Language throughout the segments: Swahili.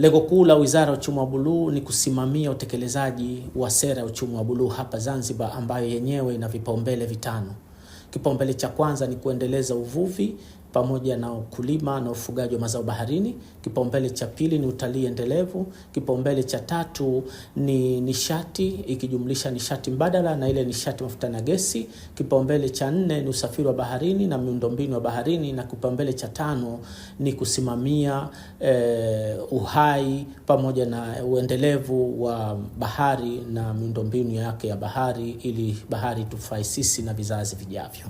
Lengo kuu la Wizara ya Uchumi wa Buluu ni kusimamia utekelezaji wa sera ya uchumi wa buluu hapa Zanzibar ambayo yenyewe ina vipaumbele vitano. Kipaumbele cha kwanza ni kuendeleza uvuvi pamoja na ukulima na ufugaji wa mazao baharini. Kipaumbele cha pili ni utalii endelevu. Kipaumbele cha tatu ni nishati ikijumlisha nishati mbadala na ile nishati mafuta na gesi. Kipaumbele cha nne ni usafiri wa baharini na miundombinu ya baharini, na kipaumbele cha tano ni kusimamia eh, uhai pamoja na uendelevu wa bahari na miundombinu yake ya bahari, ili bahari tufai sisi na vizazi vijavyo.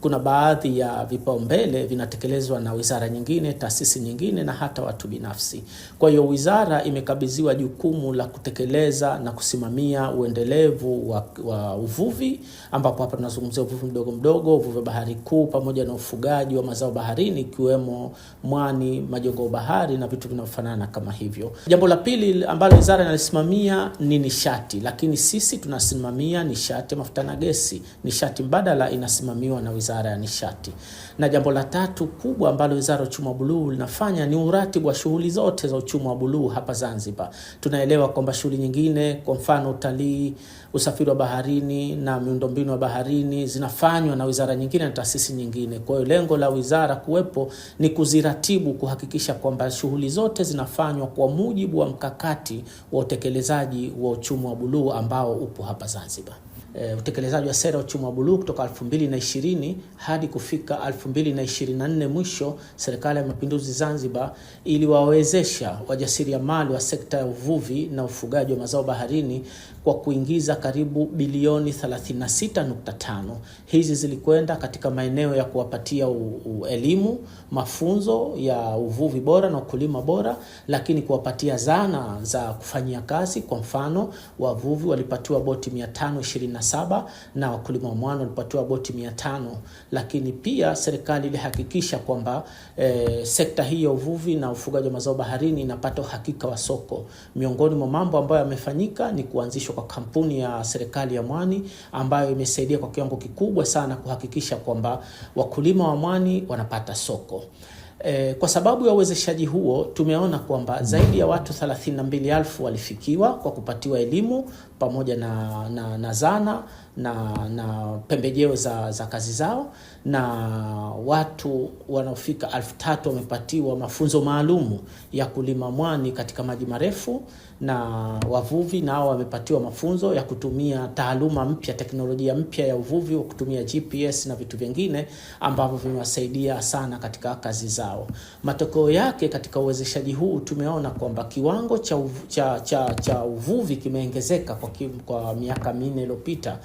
Kuna baadhi ya vipaumbele vile vinatekelezwa na wizara nyingine, taasisi nyingine na hata watu binafsi. Kwa hiyo wizara imekabidhiwa jukumu la kutekeleza na kusimamia uendelevu wa, wa uvuvi ambapo hapa tunazungumzia uvuvi mdogo mdogo, uvuvi wa bahari kuu pamoja na ufugaji wa mazao baharini ikiwemo mwani, majogo bahari na vitu vinavyofanana kama hivyo. Jambo la pili ambalo wizara inalisimamia ni nishati, lakini sisi tunasimamia nishati mafuta na gesi. Nishati mbadala inasimamiwa na wizara ya nishati. Na jambo la tatu kubwa ambalo Wizara ya Uchumi wa Buluu linafanya ni uratibu wa shughuli zote za uchumi wa buluu hapa Zanzibar. Tunaelewa kwamba shughuli nyingine, kwa mfano utalii, usafiri wa baharini na miundombinu ya baharini zinafanywa na wizara nyingine na taasisi nyingine. Kwa hiyo lengo la wizara kuwepo ni kuziratibu, kuhakikisha kwamba shughuli zote zinafanywa kwa mujibu wa mkakati wa utekelezaji wa uchumi wa buluu ambao upo hapa Zanzibar. E, utekelezaji wa sera ya uchumi wa buluu kutoka 2020 hadi kufika 24 mwisho, Serikali ya Mapinduzi Zanzibar iliwawezesha wajasiriamali wa sekta ya uvuvi na ufugaji wa mazao baharini kwa kuingiza karibu bilioni 36.5. Hizi zilikwenda katika maeneo ya kuwapatia u, u, elimu, mafunzo ya uvuvi bora na ukulima bora, lakini kuwapatia zana za kufanyia kazi. Kwa mfano, wavuvi walipatiwa boti 527 na wakulima wa mwani walipatiwa boti 500, lakini pia serikali tumehakikisha kwamba e, sekta hii ya uvuvi na ufugaji wa mazao baharini inapata uhakika wa soko. Miongoni mwa mambo ambayo yamefanyika ni kuanzishwa kwa kampuni ya serikali ya mwani ambayo imesaidia kwa kiwango kikubwa sana kuhakikisha kwamba wakulima wa mwani wanapata soko. E, kwa sababu ya uwezeshaji huo tumeona kwamba zaidi ya watu 32,000 walifikiwa kwa kupatiwa elimu pamoja na, na, na zana na, na pembejeo za, za kazi zao na watu wanaofika 3 wamepatiwa mafunzo maalumu ya kulima mwani katika maji marefu na wavuvi nao wamepatiwa mafunzo ya kutumia taaluma mpya, teknolojia mpya ya uvuvi wa kutumia GPS na vitu vingine ambavyo vimewasaidia sana katika kazi zao zao. Matokeo yake katika uwezeshaji huu tumeona kwamba kiwango cha, uv, cha, cha, cha uvuvi kimeongezeka kwa, kwa miaka minne iliyopita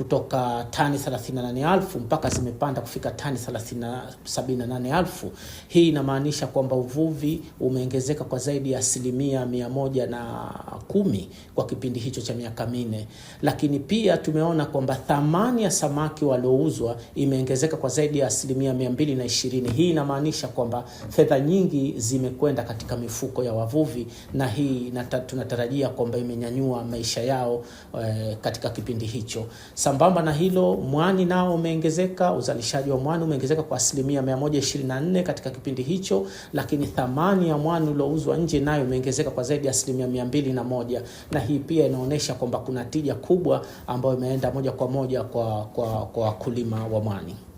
kutoka tani 38,000 mpaka zimepanda kufika tani 78,000. Hii inamaanisha kwamba uvuvi umeongezeka kwa zaidi ya asilimia mia na kumi kwa kipindi hicho cha miaka minne, lakini pia tumeona kwamba thamani ya samaki waliouzwa imeongezeka kwa zaidi ya asilimia mia na ishirini. Hii inamaanisha kwamba fedha nyingi zimekwenda katika mifuko ya wavuvi, na hii tunatarajia kwamba imenyanyua maisha yao eh, katika kipindi hicho. Sambamba na hilo, mwani nao umeongezeka, uzalishaji wa mwani umeongezeka kwa asilimia 124 katika kipindi hicho, lakini thamani ya mwani uliouzwa nje nayo imeongezeka kwa zaidi ya asilimia 201, na, na hii pia inaonyesha kwamba kuna tija kubwa ambayo imeenda moja kwa moja kwa kwa wakulima wa mwani.